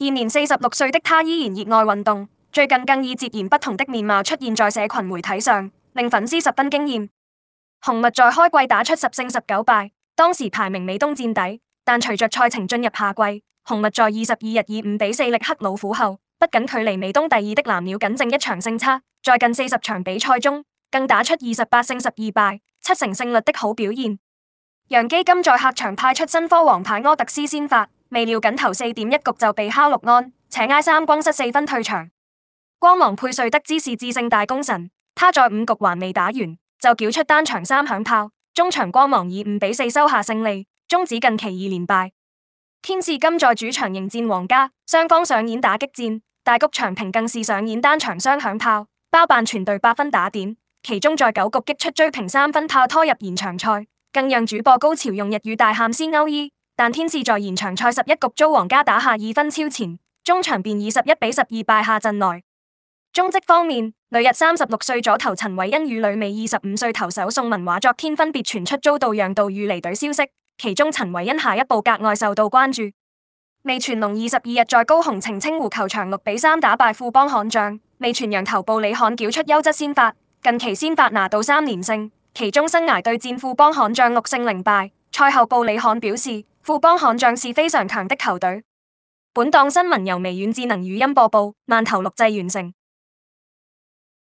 現年四十六歲的他依然熱愛運動，最近更以截然不同的面貌出現在社群媒體上，令粉絲十分驚艷。紅襪在開季打出十勝十九敗，當時排名美東墊底，但隨着賽程進入夏季，紅襪在二十二日以五比四力克老虎後，不僅距離美東第二的藍鳥僅剩一場勝差，在近四十場比賽中更打出二十八勝十二敗，七成勝率的好表現。洋基金在客場派出新科王牌柯特斯先發。未料僅投四點一局就被敲六安，且挨三光失四分退場。光芒配瑞得知是致勝大功臣，他在五局還未打完就繳出單場三響炮。中場光芒以五比四收下勝利，終止近期二連敗。天使今在主場迎戰皇家，雙方上演打擊戰，大谷翔平更是上演單場雙響炮，包辦全隊八分打點。其中在九局擊出追平三分炮拖入延長賽，更讓主播高潮用日語大喊「斯勾伊」。但天使在延長賽十一局遭皇家打下二分超前，終場便以十一比十二敗下陣來。中職方面，旅日三十六歲左投陳偉恩與旅美二十五歲投手宋文華昨天分別傳出遭到讓渡與離隊消息，其中陳偉恩下一步格外受到關注。味全龍二十二日在高雄澄清湖球場六比三打敗富邦悍將，味全洋投手李漢繳出優質先發，近期先發拿到三連勝，其中生涯對戰富邦悍將六勝零敗。賽後，布里漢表示，富邦悍將是非常強的球隊。本檔新聞由微軟智能語音播報，曼頭錄製完成。